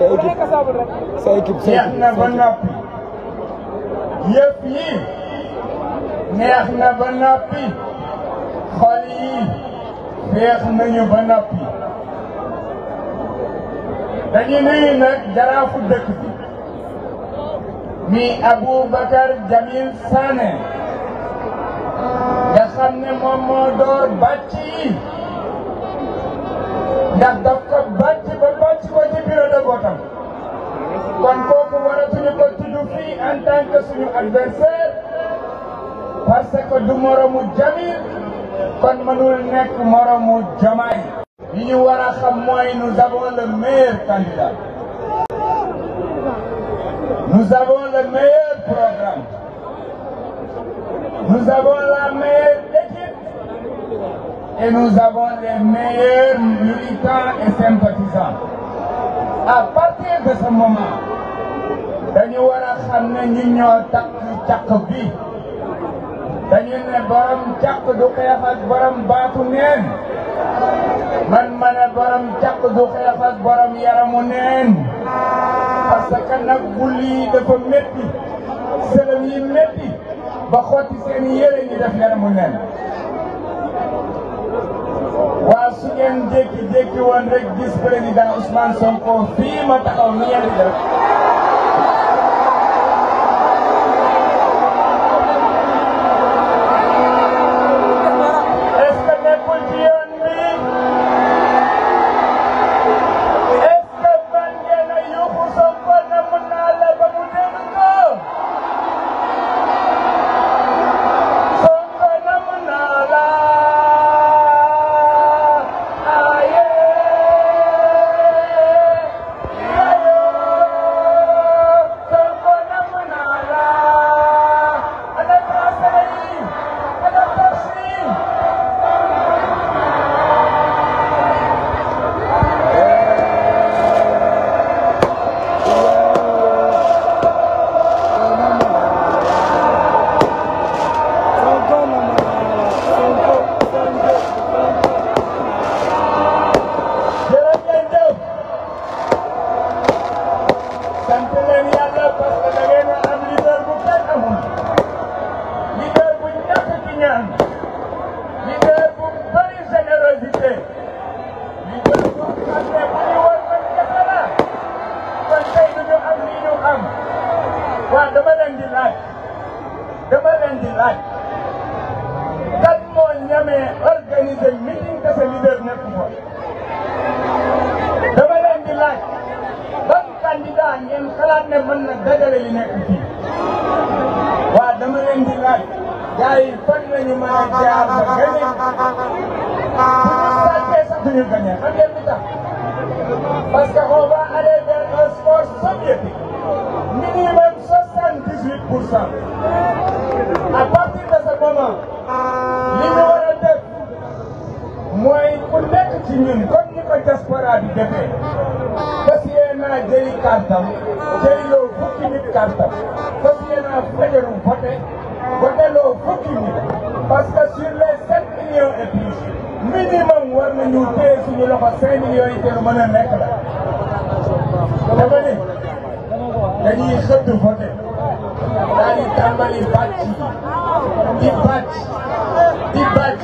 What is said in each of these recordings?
sa équipe sa équipe sa neex na ba noppi yëpp yi neex na ba noppi xol yi feex nañu ba noppi dañu nuyu nag jaraafu dëkk bi mi Aboubacar Jamil Sané nga xam ne moom moo door bàcc yi ndax daf ko bàcc en tant que suñu adversaire parce que du moromu Jamil kon mënul nekk moromu Diomaye yi ñu war a xam mooy nous le meilleur candidat nous le meilleur programme nous avons et nous avons les meilleurs et sympathisants à partir de ce moment dañu war a xam ñi ñoo takk càq bi dañu ne borom càq du xeex ak borom man ma ne borom du xeex ak borom yaramu neen parce que nag bul yi dafa métti sëlëm yi ba xotti seen yére ñi def yaramu neen waa su ngeen jékki-jékki woon rek gis président Ousmane Sonko fii ma taxaw ni ngeen di def ngeen xalaat ne mën na dajale li nekk fii waaw dama leen di laaj gars yi fan la ñu mën a jaar ba gagné sax duñu gagné xam ngeen lu tax parce que on va aller vers un sport soviétique minimum soixante-dix-huit pour cent à partir de ce moment li ñu war a def mooy ku nekk ci ñun comme ni ko diaspora bi defee parce que naa jëli kàttam jëyloo fukki nit kàttan fas yéenaa fajaru voté voteloo fukki nit parce que sur les sept millions et plus minimum war nañu téye suñu loxo cinq millions yi te lu mën a nekk la dama ne dañuy xëdd voté di tàmbali di bàcc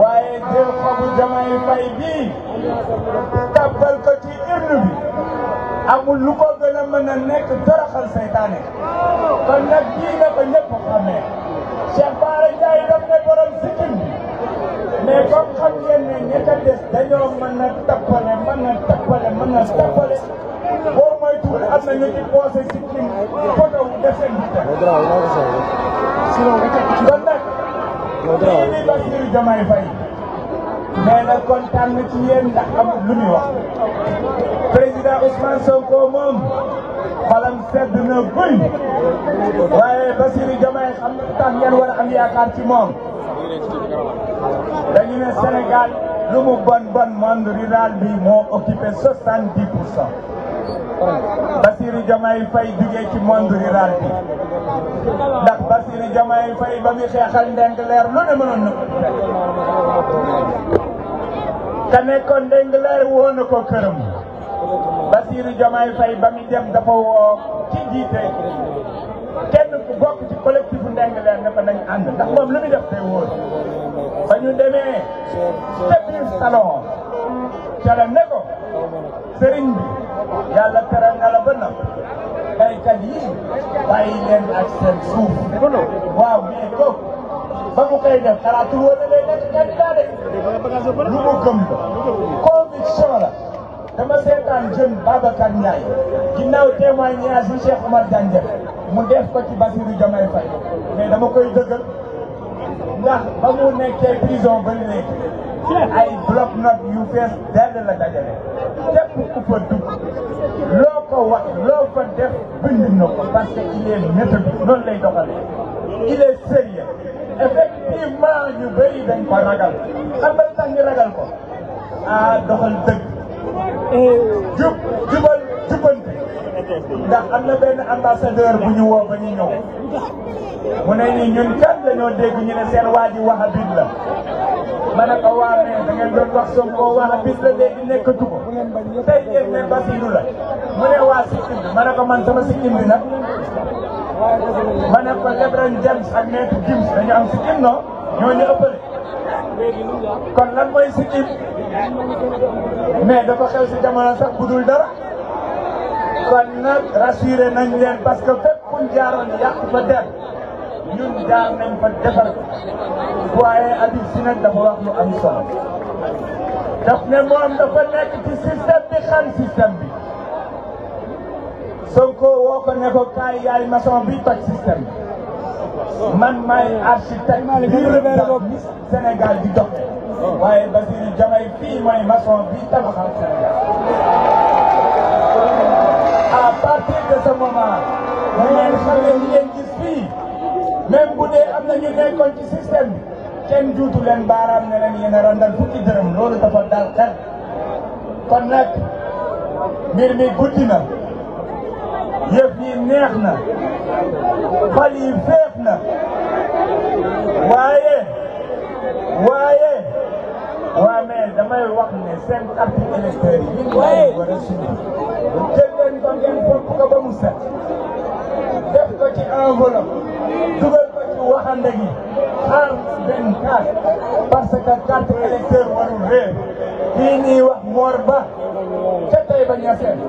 waaye jël xobu Diomaye Faye bii tàbbal ko ci urne bi amul lu ko gën a mën a nekk doroxal seytaane kon nag bii nga ko ñëpp xamee Cheikh Bara Ndiaye daf borom sikkim bi mais xam ngeen ne ñett a des dañoo mën a tappale mën a tappale mën a tappale boo moytuwul am na ñu ci poosé sikkim photo wu desen bi kii Bassirou Diomaye Faye na kontaan na ci yéen ndax amul lu muy wax président Ousmane Sonko moom xolam sedd na guy waaye Bassirou Diomaye xam na tax ngeen war am yaakaar ci moom dañu ne Sénégal lu mu bon bon monde rural bi moo occupé soixante-dix pour cent ci monde rural bi ndax Bassirou Diomaye Faye ba muy xeexal ndeng leer lu ne mënoon na ko. te nekkoon ndeng leer woo na ko këram. Bassirou Diomaye Faye ba muy dem dafa woo ci jiite kenn ku bokk ci collectif ndeng leer ne ko nañ ànd ndax moom lu muy def tey ñu demee ca biir salon ca la ne ko sëriñ bi yàlla tere nga la ba baykat yi bàyyi leen ak seen suuf waaw mais kooku ba mu koy def xanaa tur woon na day nekk candidat de lu mu gëm conviction la dama seetaan jeune Babacar Ndiaye ginnaaw témoignage yu Cheikh Omar Diagne def mu def ko ci Bassirou Diomaye Faye mais dama koy dëggal ndax ba mu nekkee prison ba léegi ay bloc note yu fees dell la dajale képp ku fa koo wax loo ko def bind na ko parce que il est méthodique noonu i doxalee il est sérieux effectivement ñu bëri dañ ko ragal xam nga tax ñu ragal ko ah doxal dëgg jub jubal jubante ndax am na benn ambassadeur bu ñu woo ba ñu ñëw mu ne nii ñun kat dañoo dégg ñu ne seen waa ji wahabit la ma ne ko waa mais da ngeen doon wax Sonko wala bis la léegi nekkatu ko tey ngeen ne Basiru la mu ne waa sikkim ma ne ko man sama sikkim ma ne ko Lebron kon lan mooy sikkim mais dafa xew si jamono sax budul dara kon nag rassuré nañ leen parce que fépp fuñ jaaroon yàq fa der ñun jaar nañ fa defar waaye Habib Sy nag dafa wax lu am solo daf ne moom dafa nekk ci système bi xari système bi Sonko woo ko ne ko kaay yaay maçon bi toj système bi man maay architecte bi Sénégal di dox waaye Bassirou Diomaye fii mooy maçon bi tabaxal Sénégal à partir de ce moment mu ngeen xam ne ñi ngeen gis fii même bu dee am na ñu nekkoon ci système bi kenn juutu leen baaraam ne leen yéen a fukki dërëm loolu dafa dal xel kon nag mbir mi guddi na yëf yi neex na xol yi féex na waaye waaye waa damay wax ne seen carte électeur yi ñu ngi war a signé jël leen ko ba mu def ko ci enveloppe dugal ko ci waxande gi am benn carte parce que carte électeur warul réer nii wax Mor Ba ca ba Niassène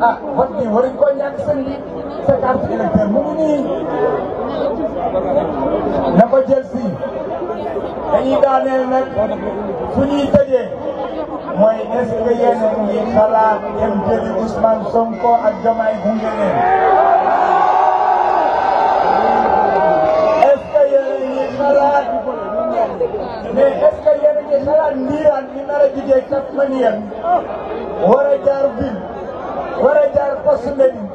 ah wax bi ko ñàkk sëñ bi sa mu nii na ko jël si dañuy nag su ñuy mooy est-ce que yéen a xalaat dem jëli Sonko ak Diomaye gunge mais est-ce que yéen a niiraan ñu nar a jugee Tasmanian war a jaar ville war a jaar poste médic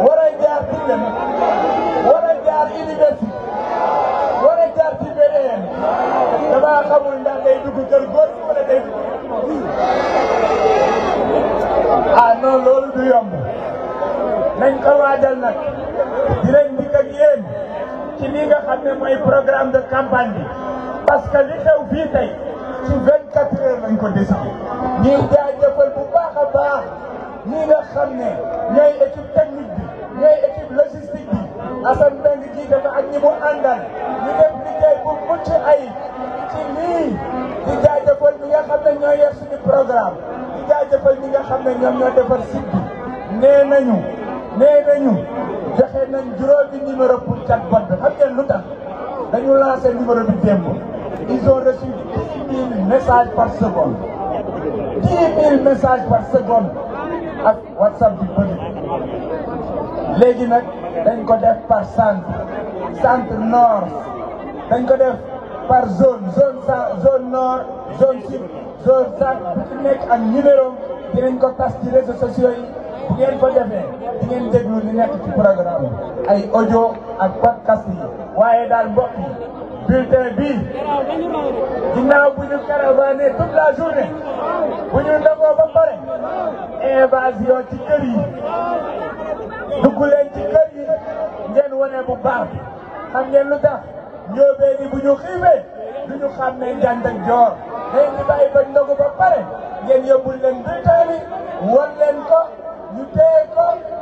war a jaar Tilène war a jaar université war a jaar ci beneen damaa xamul ndax day dugg kër góor wala day dugg ah non loolu du yomb nañ ko waajal nag mooy programme de campagne bi. parce que li xew fii tey ci 24 heures lañ ko décidé ñuy jaajëfal bu baax a baax ñi nga xam ne ñooy équipe technique bi ñooy équipe logistique bi Assane Mbengue jiite na ak ñi mu àndal ñu def liggéey bu mucc ayib ci lii di jaajëfal ñi nga xam ne ñoo yor suñu programme di jaajëfal ñi nga xam ne ñoom ñoo defar site nee nañu nee nañu joxe nañ juróomi numéro pour chatbot bi xam ngeen lu tax dañu lancé numéro bi démb ils ont reçu message 000 messages par seconde 10 000 messages par seconde ak WhatsApp bi bëri léegi nag dañ ko def par centre centre nord dañ ko def par zone zone zone nord zone sud centre nekk ak numéro dinañ ko tas ci réseaux yi bu ngeen ko defee di ngeen déglu li nekk ci programme ay ojo ak podcast waaye daal mbokk bulletin bi ginnaaw bu ñu caravané toute la journée bu ñu ndagoo ba pare invasion ci kër yi dugg leen ci kër yi ngeen wane bu baax xam ngeen lu bu ñu xiifee du ñu xam ne joor léegi ñu bàyyi ba ndogu ba pare ngeen yóbbul leen bulletin ko ñu téye ko.